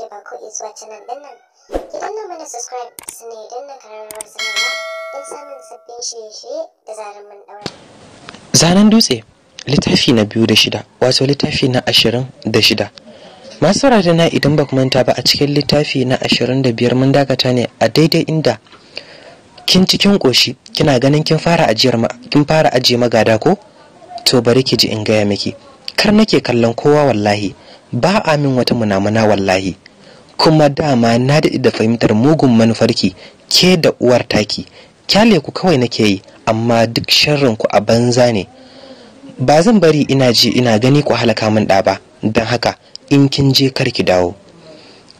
yake ba subscribe samun sabbin Zanen dutse littafi na biyu da shida wato littafi na ashirin da shida. Masu na idan ba manta ba a cikin littafi na ashirin da biyar mun dakata ne a daidai inda kin cikin ƙoshi kina ganin kin fara kin fara ajiye magada ko to bari ki ji in gaya miki kar nake kallon kowa wallahi ba a min wata munamuna wallahi kuma dama na daɗi da fahimtar mugun manufarki ke da uwar taki kyale ku kawai nake yi amma duk sharrin ku a banza ne ba zan bari ina ji ina gani ku halaka min ɗa ba don haka in kin je kar ki dawo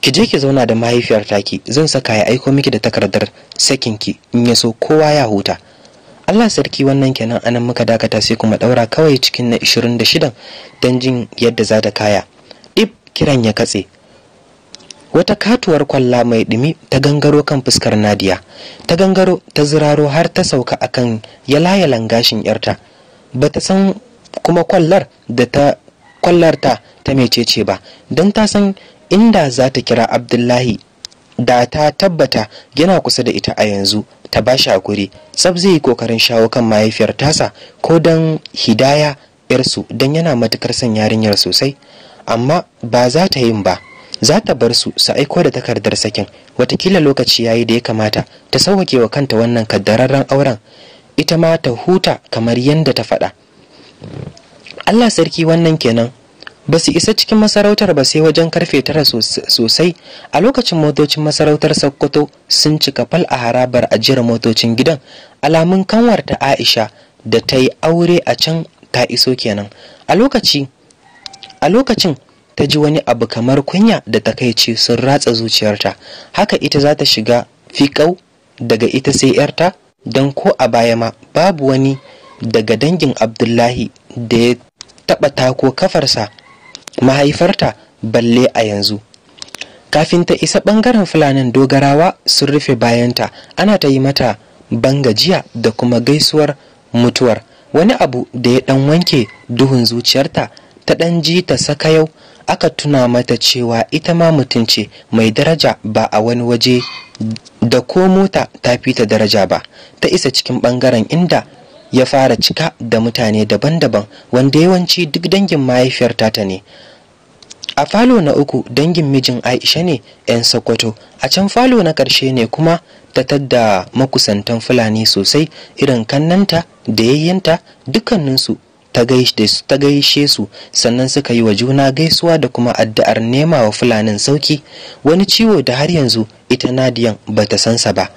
ki je ki zauna da mahaifiyar taki zan saka ya aiko miki da takardar sakin ki in ya so kowa ya huta Allah sarki wannan kenan anan muka dakata sai kuma daura kawai cikin na 26 dan jin yadda za ta kaya kiran ya katse wata katuwar kwalla mai dumi ta gangaro kan fuskar Nadiya ta gangaro ta ziraro har ta sauka akan yalayalan gashin yarta bata san kuma kwallar da ta kwallar ta ta mecece ba don ta san inda za ta kira Abdullahi da ta tabbata yana kusa da ita a yanzu ta ba shi hakuri tsab zai yi kokarin shawo kan mahaifiyar tasa ko don hidaya yarsu don yana matukar son yarinyar sosai amma ba za ta yin ba za ta bar su su aiko da takardar sakin watakila lokaci ya yi da ya kamata ta sauwake wa kanta wannan kaddararren auren ita ma ta huta kamar yadda ta faɗa Allah sarki wannan kenan ba su isa cikin masarautar ba sai wajen karfe tara sosai a lokacin motocin masarautar sokoto sun cika fal a harabar ajiyar motocin gidan alamun kanwar ta aisha da ta yi aure a can ta iso kenan a lokaci a lokacin ta ji wani abu kamar kunya da takaici sun ratsa zuciyarta haka ita za ta shiga fiƙau daga ita sai yarta don ko a baya ma babu wani daga dangin abdullahi da ya taɓa tako kafarsa mahaifarta balle a yanzu kafin ta isa ɓangaren fulanin dogarawa sun rufe bayanta ana ta yi mata bangajiya da kuma gaisuwar mutuwar wani abu da ya ɗan wanke duhun zuciyarta ta ɗan ji ta saka yau aka tuna mata cewa ita ma mutum ce mai daraja ba a wani waje da ko mota ta fi ta daraja ba ta isa cikin ɓangaren inda ya fara cika da mutane daban-daban wanda yawanci duk dangin mahaifiyarta ta ne a falo na uku dangin mijin aisha ne 'yan sokoto a can falo na ƙarshe ne kuma ta tadda makusantan fulani sosai irin kannanta da yayyanta dukkaninsu ta gaishe su sannan suka yi wa juna gaisuwa da kuma addu'ar nema wa fulanin sauki wani ciwo da har yanzu ita nadiyan ba ta sansa ba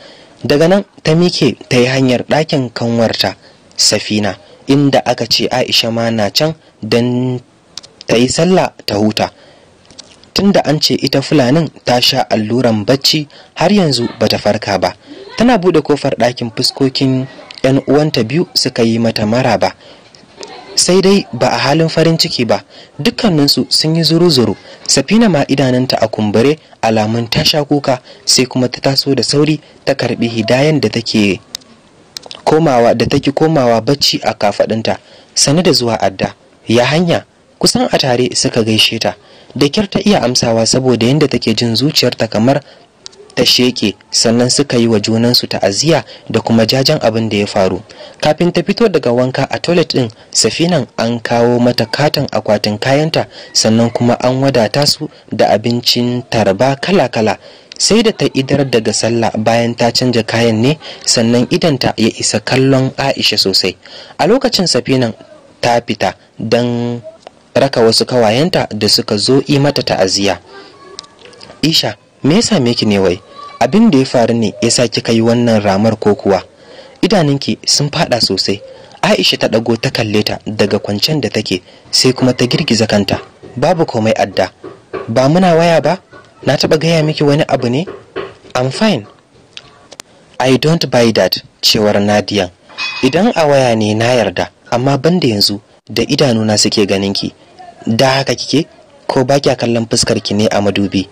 daga nan ta mike ta yi hanyar ɗakin kanwarta safina inda aka ce aisha ma na can don ta yi sallah ta huta tunda an ce ita fulanin ta sha alluran bacci har yanzu bata farka ba tana buɗe kofar ɗakin fuskokin 'yan uwanta biyu suka yi mata maraba sai dai ba a halin farin ciki ba dukkaninsu sun yi zuru-zuru safina ma idananta a kumbure alamun ta sha kuka sai kuma ta taso da sauri ta karbi hidayen da take komawa da take komawa bacci a kafadinta sani da zuwa adda ya hanya kusan a tare suka gaishe ta da kyar ta iya amsawa saboda yadda take jin zuciyarta kamar ta sheke sannan suka yi wa junansu ta'aziyya da kuma jajen abin da ya faru kafin ta fito daga wanka a toilet din safinan an kawo mata katon akwatin kayanta sannan kuma an wadata su da abincin tarba kala-kala sai da ta idar daga sallah bayan ta canja kayan ne sannan idanta ya isa kallon aisha sosai a lokacin safinan ta fita don raka wasu kawayenta da suka zo mata ta'aziyya isha me ya same ki ne wai abin da ya faru ne ya sa kika yi wannan ramar ko kuwa idanunki sun fada sosai Aisha ta dago ta kalle ta daga kwancen da take sai kuma ta girgiza kanta babu komai adda ba muna waya ba na taba gaya miki wani abu ne I'm fine I don't buy that cewar Nadia idan a waya ne na yarda amma banda yanzu da idanuna suke ganinki da haka kike ko ba kya kallon fuskar ki ne a madubi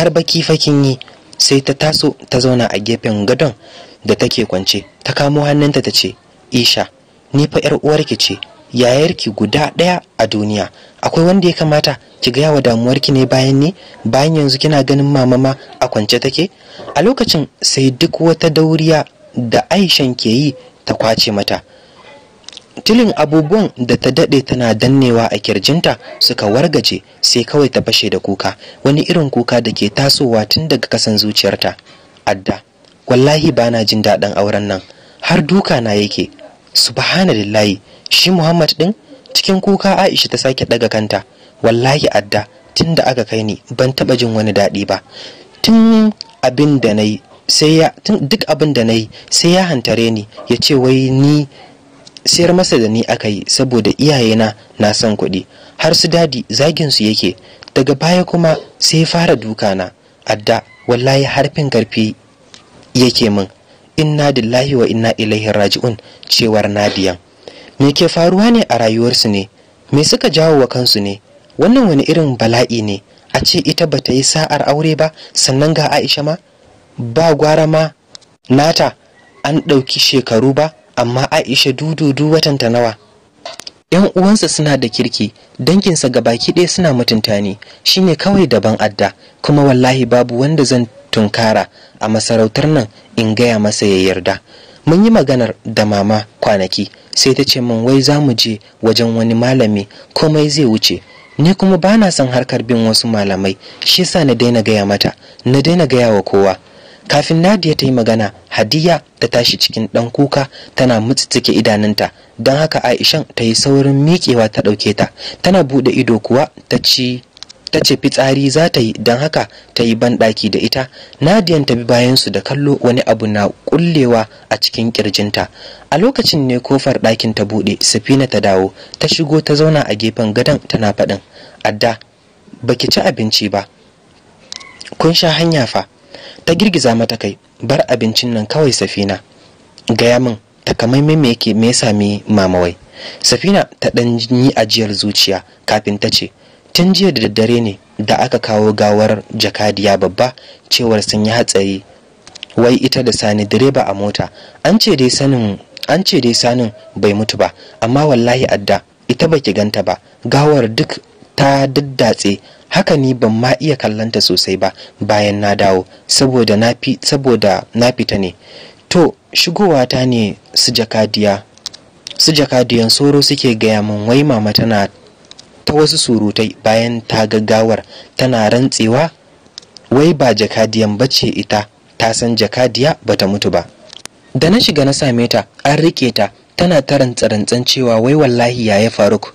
har baki fakin yi sai ta taso ta zauna a gefen gadon da take kwance ta kamo hannunta ta ce isha ni fa yar uwarki ce yayarki guda ɗaya a duniya akwai wanda ya kamata ki gaya wa damuwarki ne bayan ni bayan yanzu kina ganin mama ma a kwance take a lokacin sai duk wata dauriya da aishan ke yi ta kwace mata tilin abubuwan da ta daɗe tana dannewa a kirjinta suka wargaje sai kawai ta fashe da kuka wani irin kuka da ke tasowa tun daga kasan zuciyarta adda wallahi ba na jin daɗin auren nan har duka na yake subhanallahi shi muhammad ɗin cikin kuka aisha ta sake ɗaga kanta wallahi adda tun da aka kai ni ban taba jin wani daɗi ba duk abin da na yi sai ya hantare ni ya ce wai ni sayar masa da ni aka yi saboda iyayena na son kuɗi har su dadi zaginsu yake daga baya kuma sai fara dukana adda wallahi harfin karfi yake min inna dillahi wa inna ilaihi raji'un cewar nadiyan me ke faruwa ne a rayuwarsu ne me suka jawo wa kansu ne wannan wani irin bala'i ne a ce ita bata yi sa'ar aure ba sannan ga aisha ma ba gwara ma nata an ɗauki shekaru ba amma Aisha dududu watanta nawa yan uwansa suna da kirki danginsa baki ɗaya suna mutunta ni shine kawai daban adda kuma wallahi babu wanda zan tunkara a masarautar nan in gaya masa ya yarda mun yi maganar da mama kwanaki sai ta ce min wai za mu je wajen wani malami komai zai wuce ni kuma bana son harkar bin wasu malamai shi yasa na daina gaya mata na daina gaya wa kowa kafin Nadiya ta yi magana Hadiya ta tashi cikin ɗan kuka tana mutsitsike idanunta don haka Aishan ta yi saurin miƙewa ta ɗauke ta tana buɗe ido kuwa ta ci ta ce fitsari za ta yi don haka ta yi banɗaki da ita nadiyan ta bi bayansu da kallo wani abu na ƙullewa a cikin kirjinta a lokacin ne kofar ɗakin ta buɗe safina ta dawo ta shigo ta zauna a gefen gadon tana faɗin adda baki ci abinci ba kun sha hanya fa ta girgiza mata kai bar abincin nan kawai safina gaya min takamaiman me yake me ya sami mamawai safina ta dan yi ajiyar zuciya kafin ta ce tun jiya da daddare ne da aka kawo gawar jakadiya babba cewar sun yi hatsari wai ita da sani direba a mota an ce dai sanin an ce dai sanin bai mutu ba amma wallahi adda ita baki ganta ba gawar duk ta daddatse haka ni ban ma iya kallanta sosai ba bayan na dawo saboda na fi saboda na fita ne to shigowa ta ne su jakadiya su jakadiyan soro suke gaya min wai mama tana ta wasu surutai bayan ta gaggawar tana rantsewa wai ba jakadiyan bace ita ta san jakadiya bata mutu ba da na shiga na same ta an riƙe ta tana ta rantsarantsan cewa wai wallahi yaya faruk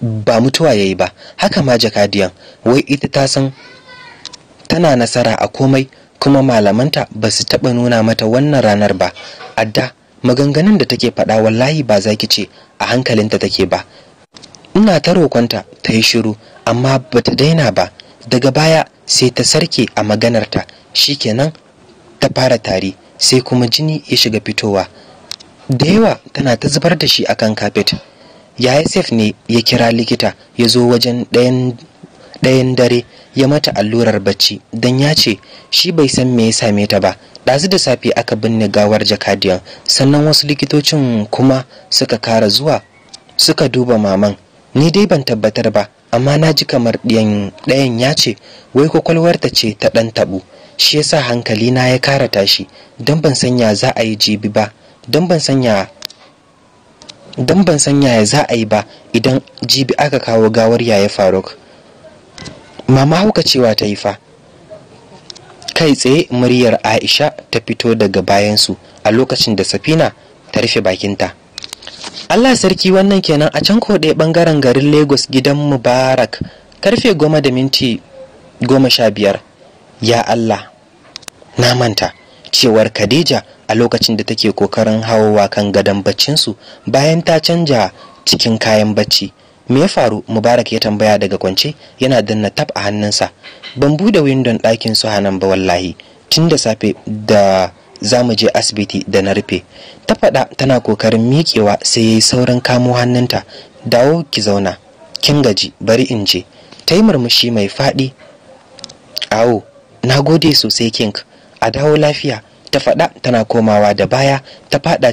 ba mutuwa ya yi ba haka ma jakadiyan wai ita ta san tana nasara a komai kuma malamanta ba su taɓa nuna mata wannan ranar ba adda da maganganun da take faɗa wallahi ba za ki ce a hankalinta take ba ina ta roƙonta ta yi shiru amma ba ta daina ba daga baya sai ta sarke a maganarta shikenan ta fara tari sai kuma jini ya shiga fitowa da yawa tana ta zubar da shi akan kafet yasef ne ya kira likita ya zo wajen ɗayan dare ya mata allurar bacci don ya ce shi bai san me ya same ta ba ɗazu da safe aka binne gawar jakadiyan sannan wasu likitocin kuma suka kara zuwa suka duba maman ni dai ban tabbatar ba amma na ji kamar ɗayan ya ce wai kwakwalwarta ce ta ɗan taɓo shi yasa hankali na ya kara tashi don ban sanya za a yi jibi ba don ban sanya don ban san yaya za a yi ba idan jibi aka kawo gawar yaya faruk mama hauka cewa ta yi fa kai tsaye muryar aisha ta fito daga bayansu a lokacin da safina ta rufe bakinta allah sarki wannan kenan a can koɗe ɓangaren garin lagos gidan mubarak karfe goma da minti goma sha biyar ya allah na manta cewar Khadija a lokacin da take kokarin hawa kan gadon baccinsu bayan ta canja cikin kayan bacci. Me ya faru? Mubarak ya tambaya daga kwance yana danna tab a hannunsa. Ban bude windon ɗakin su hanan ba wallahi. Tun da safe da za mu je asibiti da na rufe. Ta faɗa tana kokarin miƙewa sai ya yi saurin kamo hannunta. Dawo ki zauna. Kin gaji bari in je. Ta yi murmushi mai faɗi. Awo, na gode sosai kink. a dawo lafiya ta faɗa tana komawa da baya ta faɗa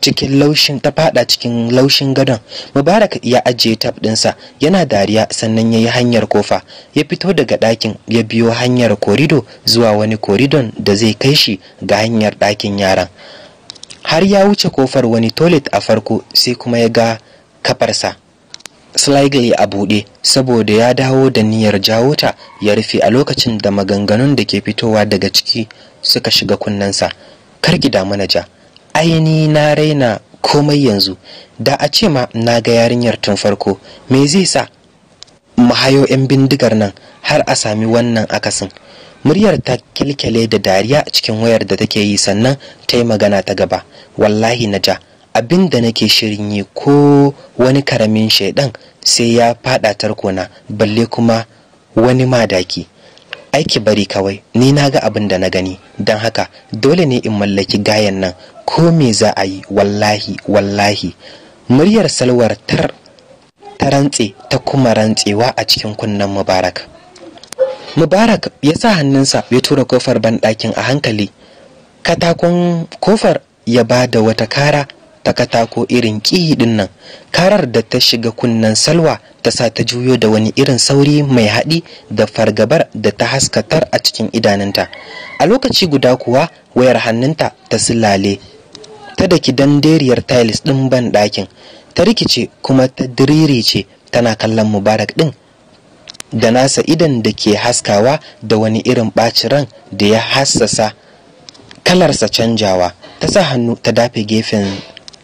cikin laushin ta fada cikin laushin gadon mubarak ya ajiye tab dinsa yana dariya sannan ya yi hanyar kofa ya fito daga ɗakin ya biyo hanyar korido zuwa wani koridon da zai kai shi ga hanyar ɗakin yaran har ya wuce kofar wani toilet a farko sai kuma ya ga kafarsa slightly a buɗe saboda ya dawo da niyyar jawo ta ya rufe a lokacin da maganganun da ke fitowa daga ciki suka shiga kunnensa kar ki damu na ja aini na raina komai yanzu da a ce ma na ga yarinyar tun farko me zai sa mu hayo 'yan bindigar nan har a sami wannan akasin muryar ta kilkile da dariya cikin wayar da take yi sannan ta yi magana ta gaba wallahi na ja abin da nake shirin yi ko wani karamin shaidan sai ya fada tarkona balle kuma wani madaki aiki bari kawai ni na ga abin da na gani don haka dole ne in mallaki gayan nan ko me za a yi wallahi wallahi muryar salwar tar ta rantse ta kuma rantsewa a cikin kunnen mubarak mubarak ya sa hannunsa ya tura kofar banɗakin a hankali katakon kofar ya ba da wata kara ta katako irin ƙiyi nan karar da ta shiga kunnen salwa ta sa ta juyo da wani irin sauri mai haɗi da fargabar da ta haskatar a cikin idanunta a lokaci guda kuwa wayar hannunta ta silale ta daki danderiyar tiles ɗin ban ɗakin ta rikice kuma ta diririce tana kallon mubarak ɗin da nasa idan da ke haskawa da wani irin ɓacin ran da ya hassasa kalarsa canjawa ta sa hannu ta dafe gefen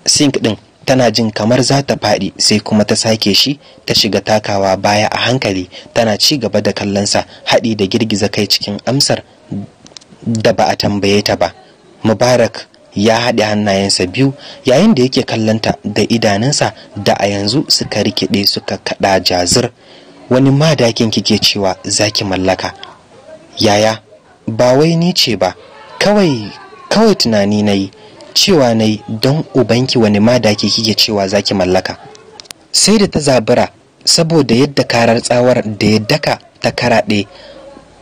sink din tana jin kamar za ta faɗi sai kuma ta sake shi ta shiga takawa baya a hankali tana ci gaba da kallonsa haɗi da girgiza kai cikin amsar da ba a tambaye ta ba mubarak ya haɗe hannayensa biyu yayin da yake kallonta da idanunsa da a yanzu suka rikide suka kaɗa jazir wani madakin kike cewa zaki mallaka yaya ba wai ni ce ba kawai tunani na yi cewa na yi don ubanki wani ma da kike cewa zaki mallaka sai da ta zabura saboda yadda karar tsawar da ya daka ta karaɗe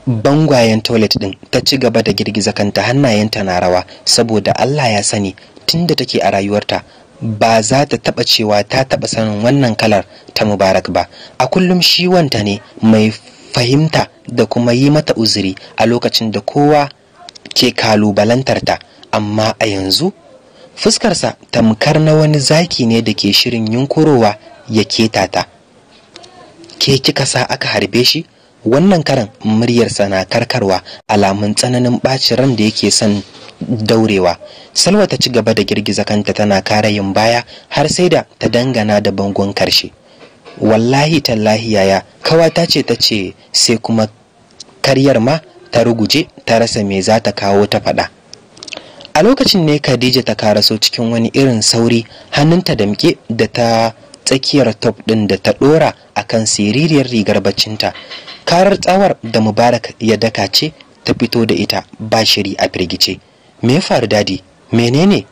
bangwayen toilet din ta ci gaba da girgiza kanta hannayenta na rawa saboda Allah ya sani tunda take a rayuwarta ba za ta taba cewa ta taɓa sanin wannan kalar ta mubarak ba a kullum shi wanta ne mai fahimta da kuma yi mata uzuri a lokacin da kowa ke kalubalantarta amma a yanzu fuskarsa tamkar na wani zaki ne da ke shirin yunkurowa ya keta ta. ke kika sa aka harbe shi wannan karan muryarsa na karkarwa alamun tsananin ɓacin ran da yake son daurewa salwa ta ci gaba da girgiza kanta tana kara yin baya har sai da ta dangana da bangon karshe wallahi tallahi yaya kawata ce ta ce sai kuma karyar ma ta ruguje ta rasa me za ta kawo ta faɗa a lokacin ne khadija ta karaso cikin wani irin sauri hannunta damke da ta tsakiyar top din da ta dora kan siririyar rigar baccinta karar tsawar da mubarak ya daka ce ta fito da ita ba shiri a firgice me ya faru dadi menene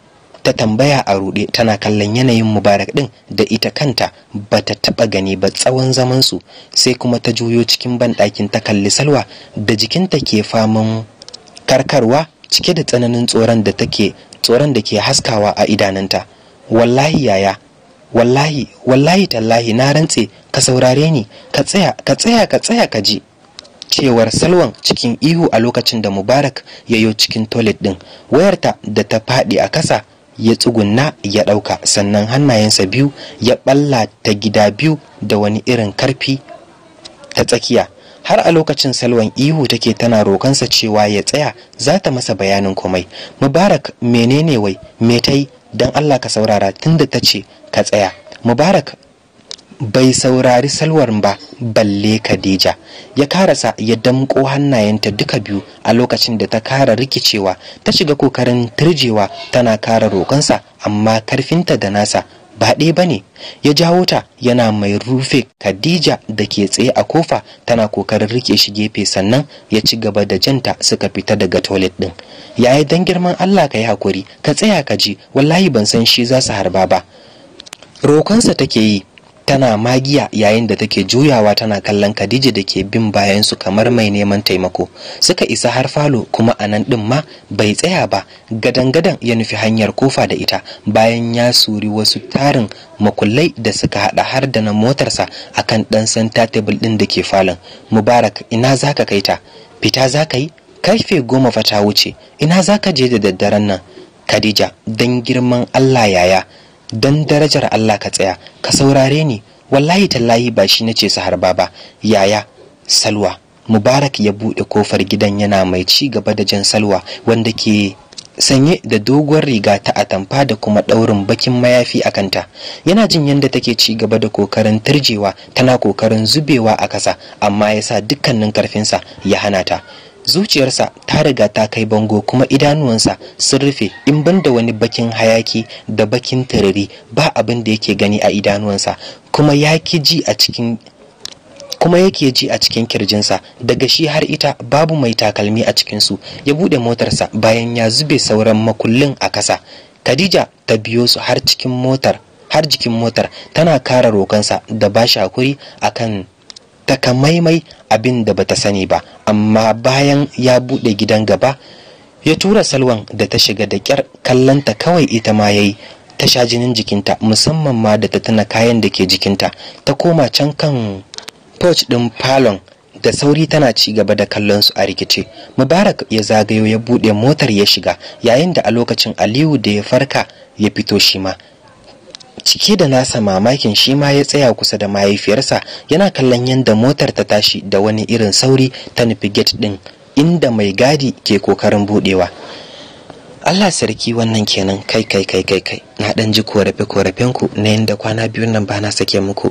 ta tambaya a ruɗe tana kallon yanayin mubarak din? da ita kanta ba ta taɓa gani ba tsawon zamansu sai kuma ta juyo cikin banɗakin ta kalli salwa da jikinta ke faman karkarwa cike da tsananin tsoron da take tsoron da ke haskawa a idananta wallahi yaya wallahi wallahi tallahi na rantse ka saurare ni ka tsaya ka tsaya ka tsaya ka ji cewar salwan cikin ihu a lokacin da mubarak ya yo cikin toilet din wayarta da ta faɗi a kasa ya tsugunna ya ɗauka sannan hannayensa biyu ya ɓalla ta gida biyu da wani irin karfi ta tsakiya har a lokacin salwan ihu take tana rokansa cewa ya tsaya za ta masa bayanin komai mubarak menene wai me ta yi don allah ka saurara tunda ta ce ka tsaya mubarak bai saurari salwar ba balle Khadija ya karasa ya damƙo hannayenta duka biyu a lokacin da ta kara rikicewa ta shiga kokarin turjewa tana kara roƙonsa amma karfinta da nasa ba ɗaya ba ne ya jawo ta yana mai rufe khadija da ke tsaye a kofa tana kokarin rike shi gefe sannan ya ci gaba da janta suka fita daga toilet ɗin Ya yi don girman allah ka yi hakuri ka tsaya ka ji wallahi ban san shi za su harba ba rokonsa take yi tana magiya yayin da take juyawa tana kallon Khadija da ke bin bayan su kamar mai neman taimako suka isa har falo kuma a nan din ma bai tsaya ba gadan-gadan ya nufi hanyar kofa da ita bayan ya suri wasu tarin makullai da suka hada har da na motarsa akan dan santa table din da ke falon mubarak ina zaka kai ta fita zaka yi karfe goma fa ta wuce ina zaka je da daddaren nan Khadija don girman Allah yaya dan darajar Allah ka tsaya ka saurare ni wallahi tallahi ba shi nace su harba ba yaya salwa mubarak ya buɗe kofar gidan yana mai ci gaba da jan salwa wanda ke sanye da doguwar riga ta atamfa da kuma ɗaurin bakin mayafi a kanta yana jin yadda take ci gaba da kokarin turjewa tana kokarin zubewa a ƙasa, amma ya sa dukkanin karfinsa ya hana ta zuciyarsa ta riga ta kai bango kuma idanuwansa sun rufe in ban da wani bakin hayaki da bakin tarari ba abin da yake gani a idanuwansa kuma yake ji a cikin kuma yake ji a cikin kirjinsa daga shi har ita babu mai takalmi a cikinsu ya buɗe motarsa bayan ya zube sauran makullin a ƙasa khadija ta biyo su har cikin motar har jikin motar tana kara rokansa da ba shi hakuri akan takamaimai abin da bata sani ba amma bayan ya buɗe gidan gaba ya tura salwan da ta shiga da kyar kallanta kawai ita ma yayi ta sha jinin jikinta musamman ma da ta tuna kayan da ke jikinta ta koma can kan porch ɗin palon da sauri tana ci gaba da kallon su a rikice mubarak ya zagayo ya buɗe motar ya shiga yayin da a lokacin aliyu da ya farka ya fito shi ma cike da nasa mamakin shi ma ya tsaya kusa da mahaifiyarsa yana kallon yadda motar ta tashi da wani irin sauri ta nufi gate din inda mai gadi ke kokarin budewa Allah sarki wannan kenan kai kai kai kai kai na dan ji korafe korafen ku na yanda kwana biyu nan bana sake muku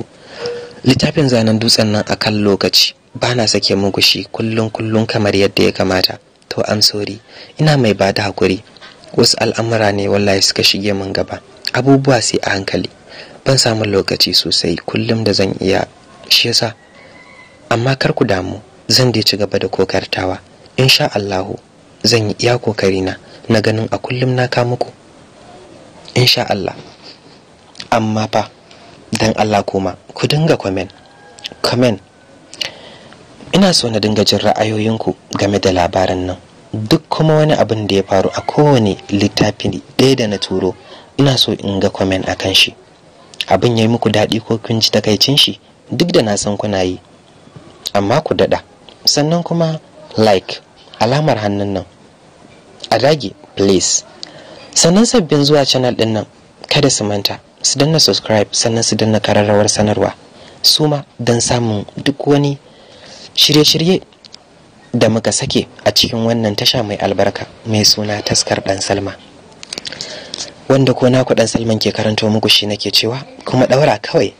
littafin zanen dutsen nan akan lokaci bana sake muku shi kullun kullun kamar yadda ya kamata to am sorry ina mai bada hakuri wasu al'amura ne wallahi suka shige min gaba abubuwa sai a hankali ban samu lokaci sosai kullum da zan iya shi yasa amma kar ku damu zan dai ci gaba da kokartawa insha Allahu zan yi iya kokari na na ganin a kullum na ka muku insha Allah amma fa dan Allah kuma ku dinga comment comment ina so na dinga jin ra'ayoyinku game da labarin nan duk kuma wani abin da ya faru a kowane littafi ɗaya da na turo ina so in ga kwamen a kan shi abin ya yi muku daɗi ko kun ji takaicin shi duk da na san kuna yi amma ku daɗa sannan kuma like alamar hannun nan a dage please sannan sabbin zuwa channel ɗin nan kada su manta su danna subscribe sannan su danna kararrawar sanarwa su ma don samun duk wani shirye-shirye da muka sake a cikin wannan tasha mai albarka mai suna taskar dan salma wanda ko naku dan salman ke karanto muku shi nake cewa kuma daura kawai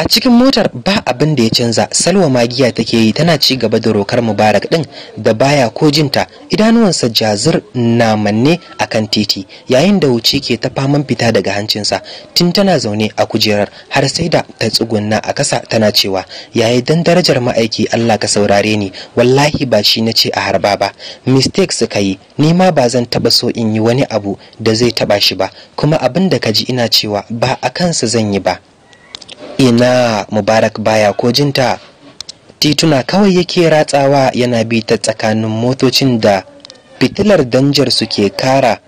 a cikin motar ba abin da ya canza salwa magiya take yi tana ci gaba da rokar mubarak din da baya ko jinta idanuwansa jazir na manne a kan titi yayin da wuce ke ta faman fita daga hancinsa tun tana zaune a kujerar har sai da ta tsugunna a kasa tana cewa yayi dan darajar ma'aiki Allah ka saurare ni wallahi ba shi na ce a harba ba mistake suka yi ni ma ba zan taba so in yi wani abu da zai taba shi ba kuma abin da ka ji ina cewa ba a kansa zan yi ba ina mubarak baya ko jinta tituna kawai yake ratsawa yana bi ta tsakanin motocin da fitilar danjar suke kara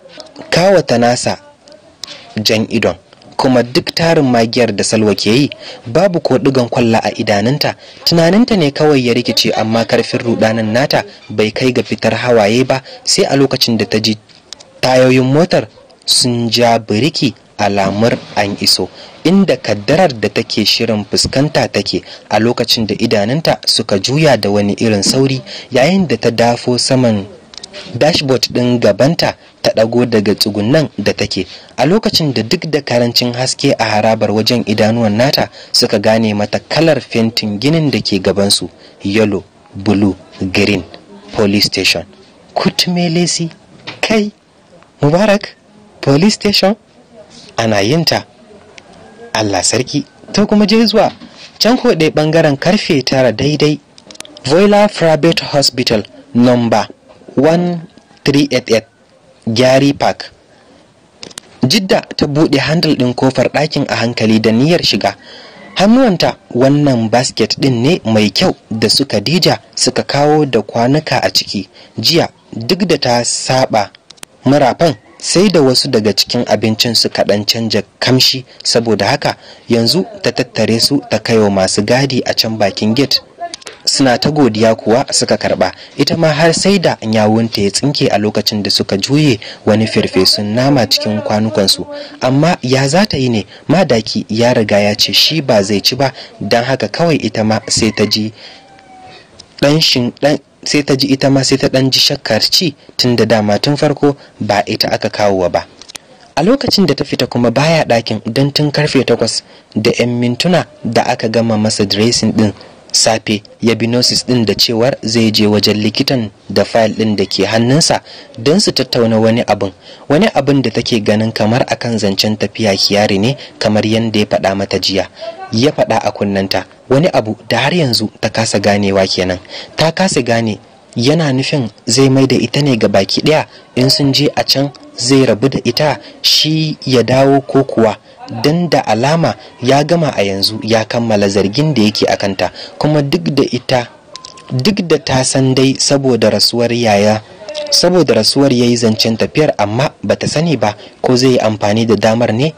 kawata nasa jan idon kuma duk tarin magiyar da salwa ke yi babu ko digon kwalla a idanunta tunaninta ne kawai ya rikice amma karfin rudanin nata bai kai ga fitar hawaye ba sai a lokacin da ta ji tayoyin motar sun ja biriki alamar an iso inda kaddarar da take shirin fuskanta take a lokacin da idanunta suka juya da wani irin sauri yayin da ta dafo saman dashboard ɗin gabanta ta ɗago daga tsugunan da take a lokacin da duk da karancin haske a harabar wajen idanuwan nata suka gane mata kalar fentin ginin da ke gabansu yellow blue green police station kutmelesi kai mubarak police station ana yinta Allah sarki ta kuma je zuwa can ko ɗaya ɓangaren karfe tara daidai voila private hospital Nomba 1388 gyari park jidda ta buɗe handle ɗin kofar ɗakin a hankali da niyyar shiga hannuwanta wannan basket ɗin ne mai kyau da suka dija suka kawo da kwanuka a ciki jiya duk da ta saba marafan sai da wasu daga cikin abincin su kaɗan canja kamshi saboda haka yanzu ta tattare su ta kaiwa masu gadi a can bakin gate suna ta godiya kuwa suka karba ita ma har sai da yawunta ya tsinke a lokacin da suka juye wani firfesun nama cikin kwanukansu amma ya za ta yi ne madaki ya riga ya ce shi ba zai ci ba don haka kawai ita ma sai ta ji sai ta ji ita ma sai ta ɗan ji shakkar ci tun da dama tun farko ba ita aka kawowa ba a lokacin da ta fita kuma baya ɗakin don tun karfe takwas da 'yan mintuna da aka gama masa dressing ɗin safe ya bi nosis din da cewar zai je wajen likitan da fayil ɗin da ke hannunsa don su tattauna wani abin wani abin da take ganin kamar akan zancen tafiya kiyari ne kamar yadda ya faɗa mata jiya ya faɗa a kunnanta wani abu da har yanzu ta kasa ganewa kenan ta kasa gane yana nufin zai mai da ita ne ga baki ɗaya in sun je a can zai rabu da ita shi ya dawo ko kuwa don da alama ya gama a yanzu ya kammala zargin da yake a kanta kuma duk da ita duk da ta san dai saboda rasuwar yaya saboda rasuwar yayi zancen tafiyar amma ba ta sani ba ko zai yi amfani da damar ne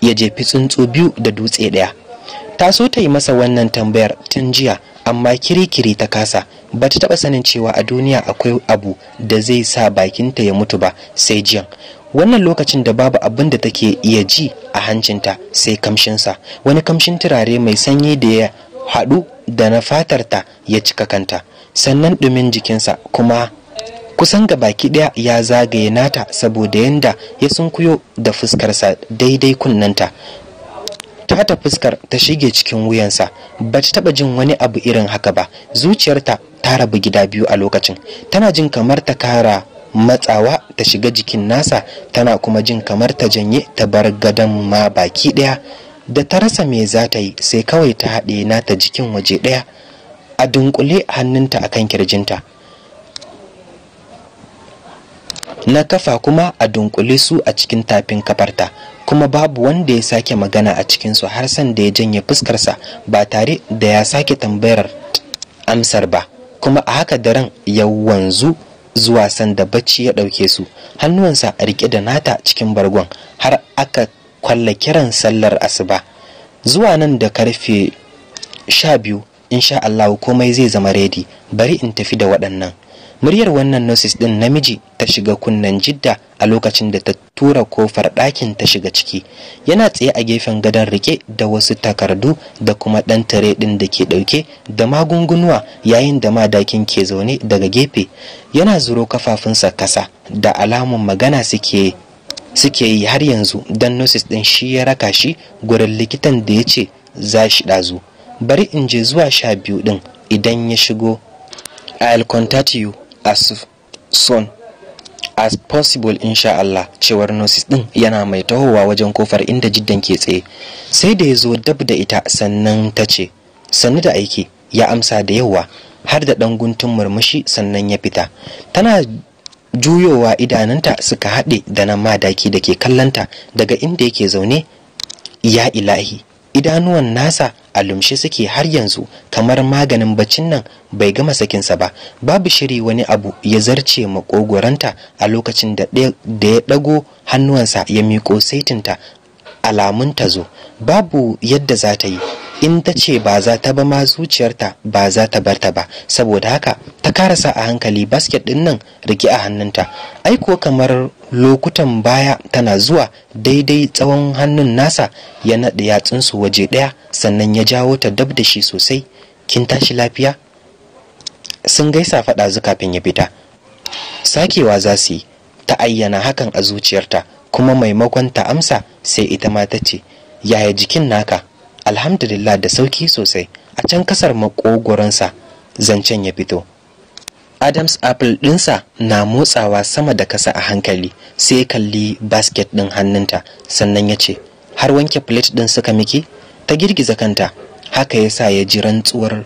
ya jefi tsuntsu biyu da dutse ɗaya ta so ta yi masa wannan tambayar tun jiya amma kirikiri ta kasa ba ta taɓa sanin cewa a duniya akwai abu da zai sa bakinta ya mutu ba sai jiyan wannan lokacin da babu abin da take iya ji a hancinta sai kamshinsa wani kamshin turare mai sanyi da ya haɗu da na fatarta ya cika kanta sannan ɗumin jikinsa kuma kusan ga baki ɗaya ya zagaye nata saboda yadda ya sunkuyo da fuskarsa daidai kunnanta ta fuskar ta shige cikin wuyansa ba ta taba jin wani abu irin haka ba zuciyarta ta rabu gida biyu a lokacin tana jin kamar ta kara matsawa ta shiga jikin nasa tana kuma jin kamar ta janye ta bar gadon ma baki ɗaya da ta rasa me za ta yi sai kawai ta haɗe na ta jikin waje ɗaya a dunkule hannunta a kan kirjinta na kafa kuma a dunkule su a cikin tafin kafarta kuma babu wanda ya sake magana a cikinsu har san da ya janye fuskarsa ba tare da ya sake tambayar amsar ba kuma a haka daren yau wanzu zuwa sanda bacci ya ɗauke su hannuwansa a riƙe da nata cikin bargon har aka kwalla kiran sallar asuba zuwa nan da karfe sha biyu insha Allah komai zai zama redi bari in tafi da waɗannan muryar wannan nosis din namiji ta shiga kunnen jidda a lokacin da ta tura kofar ɗakin ta shiga ciki yana tsaye a gefen gadon rike da wasu takardu da kuma ɗan tare ɗin da ke ɗauke da magungunuwa yayin da madakin ke zaune daga gefe yana zuro kafafunsa kasa da alamun magana suke suke yi har yanzu don nosis ɗin shi ya raka shi gurin likitan da ya ce za shi ɗazu bari in je zuwa sha biyu ɗin idan ya shigo a contact you as soon as possible insha Allah cewar nosis din yana mai tahowa wajen kofar inda jiddan ke tsaye sai da ya zo dab da ita sannan ta ce sannu da aiki ya amsa da yawa har da ɗan guntun murmushi sannan ya fita tana juyowa idananta suka haɗe da na madaki da ke kallanta daga inda yake zaune ya ilahi idanuwan nasa a lumshe suke har yanzu kamar maganin baccin nan bai gama sakinsa ba babu shiri wani abu ya zarce makogoranta a lokacin da ya ɗago hannuwansa ya miƙo saitinta alamun ta zo babu yadda za ta yi in ta ce ba za ta ba ma zuciyarta ba za ta bar ta ba saboda haka ta karasa a hankali basket din nan rike a hannunta ai ko kamar lokutan baya tana zuwa daidai tsawon hannun nasa ya yatsun su waje ɗaya sannan ya jawo ta dab da shi sosai kin tashi lafiya sun gaisa faɗa zu kafin ya fita sakewa za su yi ta ayyana hakan a zuciyarta kuma maimakon ta amsa sai ita ma ta ce yaya jikin naka alhamdulillah da sauki sosai a can kasar makogoronsa zancen ya fito adams apple ɗinsa na motsawa sama da kasa a hankali sai ya kalli basket ɗin hannunta sannan ya ce har wanke plate ɗin suka miki ta girgiza kanta haka ya sa ya ji rantsuwar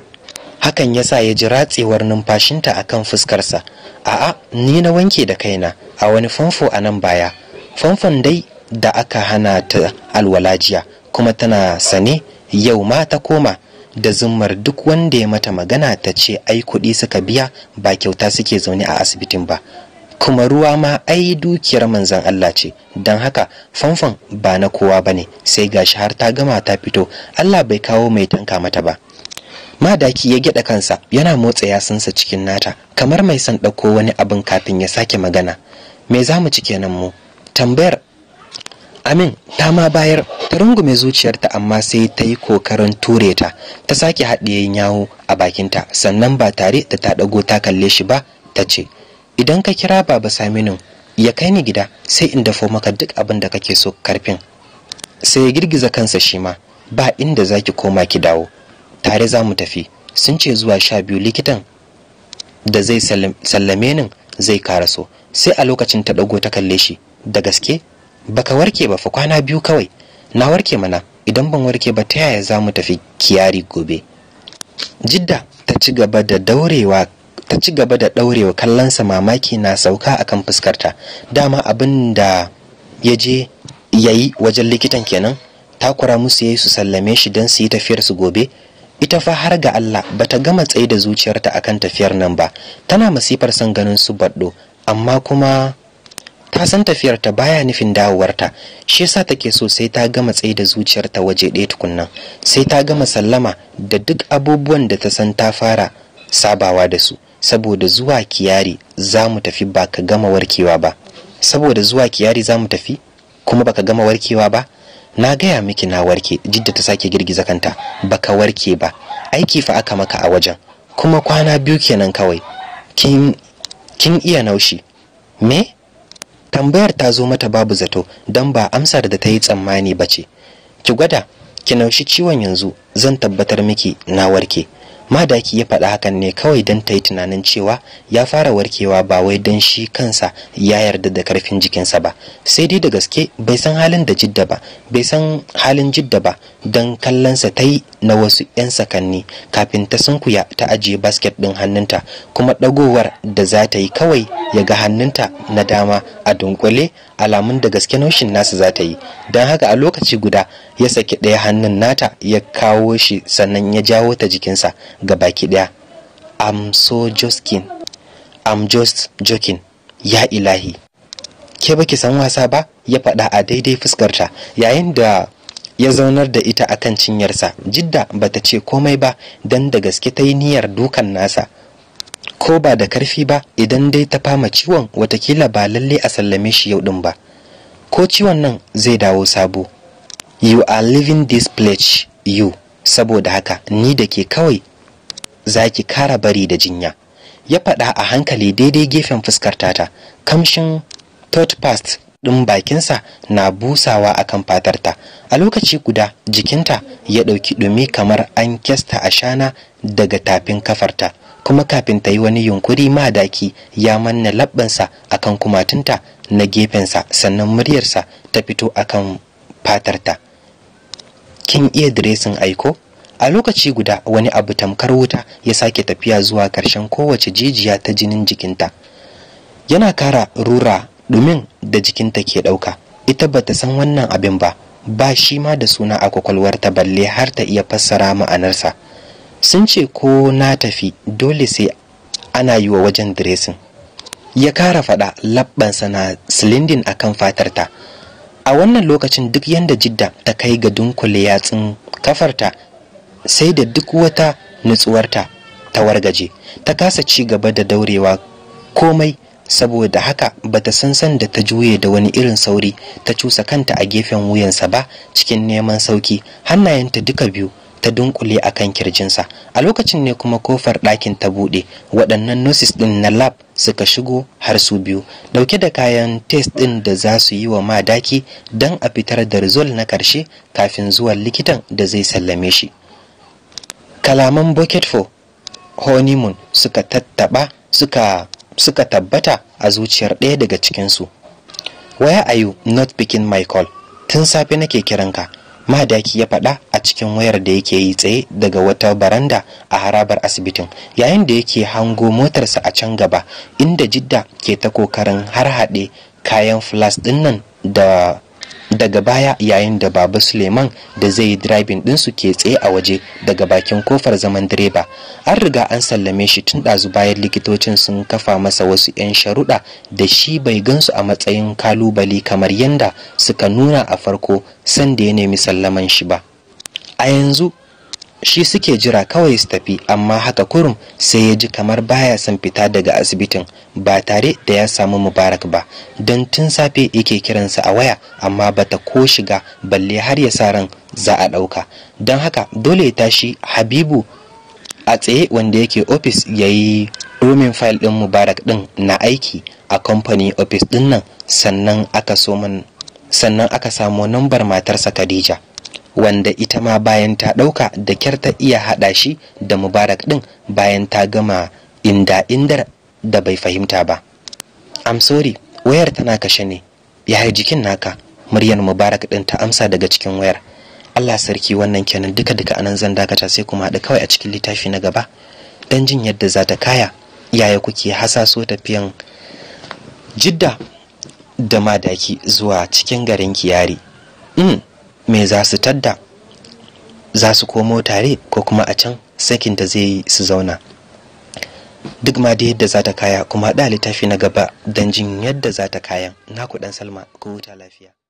hakan ya sa ya ji ratsewar numfashinta a kan fuskarsa a'a ni na wanke da kaina a wani famfo a nan baya famfon dai da aka hana ta alwalajiya kuma tana sane yau ma ta koma da zumar duk wanda ya mata magana ta ce ai kuɗi suka biya ba kyauta suke zaune a asibitin ba kuma ruwa ma ai dukiyar manzan Allah ce don haka famfon ba na kowa ba ne sai gashi har ta gama ta fito Allah bai kawo mai tanka mata ba madaki ya gyada kansa yana motsa yasinsa cikin nata kamar mai son ɗauko wani abin kafin ya sake magana me za mu ci kenan mu tambayar amin ta ma bayar ta rungume zuciyarta amma sai ta yi kokarin ture ta ta sake haɗiye yawo a bakinta sannan ba tare da ta ɗago ta kalle shi ba ta ce idan ka kira baba saminu ya kai ni gida sai in dafo maka duk abin da kake so karfin sai ya girgiza kansa shi ma ba inda za ki koma ki dawo tare za mu tafi sun ce zuwa sha biyu likitan da zai sallame nin zai karaso sai a lokacin ta ɗago ta kalle shi da gaske baka warke ba fa kwana biyu kawai na warke mana idan ban warke ba ta yaya za mu tafi kiyari gobe jidda ta ci gaba da daurewa ta ci gaba da daurewa kallonsa mamaki na sauka akan fuskarta dama abin da ya je ya yi wajen likitan kenan ta kura musu ya yi su sallame shi don su yi tafiyar su gobe ita fa har ga Allah ba ta gama tsaye da zuciyarta akan tafiyar nan ba tana masifar son ganin su baddo amma kuma ta san tafiyarta baya nufin dawowarta shi yasa take so sai ta gama tsaye da zuciyarta waje ɗaya tukunna sai ta gama sallama da duk abubuwan da ta san ta fara sabawa da su saboda zuwa kiyari za mu tafi ba ka gama warkewa ba saboda zuwa kiyari za mu tafi kuma baka gama warkewa ba na gaya miki na warke jidda ta sake girgiza kanta ba ka warke ba aiki fa aka maka a wajen kuma kwana biyu kenan kawai kin iya naushi me tambayar ta zo mata babu zato don ba amsar da ta yi tsammani ba ce ki gwada ki naushi ciwon yanzu zan tabbatar miki na warke madaki ya faɗa hakan ne kawai don ta yi tunanin cewa ya fara warkewa ba wai don shi kansa ya yarda da karfin jikinsa ba sai dai da gaske bai san halin da jidda ba bai san halin jidda ba don kallonsa ta yi na wasu 'yan sakanni kafin ta sunkuya ta ajiye basket ɗin hannunta kuma ɗagowar da za ta yi kawai ya ga hannunta na dama a dunkule alamun da gaske naushin nasa za ta yi don haka a lokaci guda ya saki ɗaya hannun nata ya kawo shi sannan ya jawo ta jikinsa ga baki ɗaya i'm so joking i'm just joking ya ilahi ke baki san wasa ba ya faɗa a daidai fuskarta yayin da ya zaunar da ita a akan cinyarsa jidda ba ta ce komai ba don da gaske ta yi niyyar dukan nasa ko ba da karfi ba idan dai ta fama ciwon watakila ba lalle a sallame shi yau ɗin ba ko ciwon nan zai dawo sabo you are living this pledge you saboda haka ni da ke kawai za ki kara bari da jinya ya faɗa a hankali daidai gefen fuskar tata kamshin third past ɗin bakinsa na busawa akan fatarta a lokaci guda jikinta ya ɗauki ɗumi kamar an kesta a shana daga tafin kafarta kuma kafin ta yi wani yunkuri madaki ya manna labbansa akan kumatunta na gefensa sannan muryarsa ta fito akan fatarta kin iya diresin aiko a lokaci guda wani abu tamkar wuta ya sake tafiya zuwa ƙarshen kowace jijiya ta jinin jikinta yana kara rura ɗumin da jikinta ke ɗauka ita bata san wannan abin ba ba shi ma da suna a kwakwalwarta balle har ta iya fassara ma'anarsa sun ce ko na tafi dole sai ana yi wa wajen diresin ya kara faɗa labbansa na silindin akan fatarta a wannan lokacin duk yadda jidda ta kai ga dunkule yatsun kafarta sai da duk wata nutsuwarta ta wargaje ta kasa ci gaba da daurewa komai saboda haka bata san san da ta juye da wani irin sauri ta cusa kanta a gefen wuyansa ba cikin neman sauki hannayenta duka biyu ta dunkule akan kirjinsa a lokacin ne kuma kofar ɗakin ta buɗe waɗannan nosis ɗin na lab suka shigo har su biyu dauke da kayan test din da za su yi wa madaki don a fitar da rizol na karshe kafin zuwan likitan da zai sallame shi kalaman bucket for honeymoon suka tattaba suka suka tabbata a zuciyar ɗaya daga cikinsu Waya are you not picking my call tun safe nake kiranka madaki ya faɗa a cikin wayar da yake yi tsaye daga wata baranda a harabar asibitin yayin da yake hango motarsa a can gaba inda jidda ke ta kokarin har haɗe kayan flas ɗinnan da daga baya yayin da baba suleiman da zai yi driving ɗinsu ke tsaye a waje daga bakin kofar zaman direba an riga an sallame shi tun ɗazu bayan likitocin sun kafa masa wasu 'yan sharuɗa da shi bai gansu a matsayin kalubale kamar yadda suka nuna a farko sanda ya nemi sallaman shi ba a yanzu shi suke jira kawai su tafi amma haka kurum sai ya ji kamar baya son fita daga asibitin ba tare da ya samu mubarak ba don tun safe yake kiransa a waya amma bata ko shiga balle har ya sa ran za a ɗauka don haka dole ya tashi habibu a tsaye wanda yake ofis ya yi Domin fayil ɗin mubarak ɗin na aiki a kamfani ofis ɗin nan sannan aka samu sannan aka samo nambar matarsa khadija wanda ita ma bayan ta ɗauka da kyar ta iya haɗa shi da mubarak ɗin bayan ta gama inda indar da bai fahimta ba I'm sorry wayar tana kashe ne yaya jikin naka muryar mubarak ɗin ta amsa daga cikin wayar Allah sarki wannan kenan duka duka anan zan dakata sai kuma haɗu kawai a cikin littafi na gaba don jin yadda za ta kaya yaya kuke hasaso tafiyan jidda da madaki zuwa cikin garin kiyari mm. me za su tadda za su komo tare ko kuma a can sakin da zai yi su zauna duk ma da yadda za ta kaya kuma haɗa littafi na gaba don jin yadda za ta kayan na ɗan salma ko huta lafiya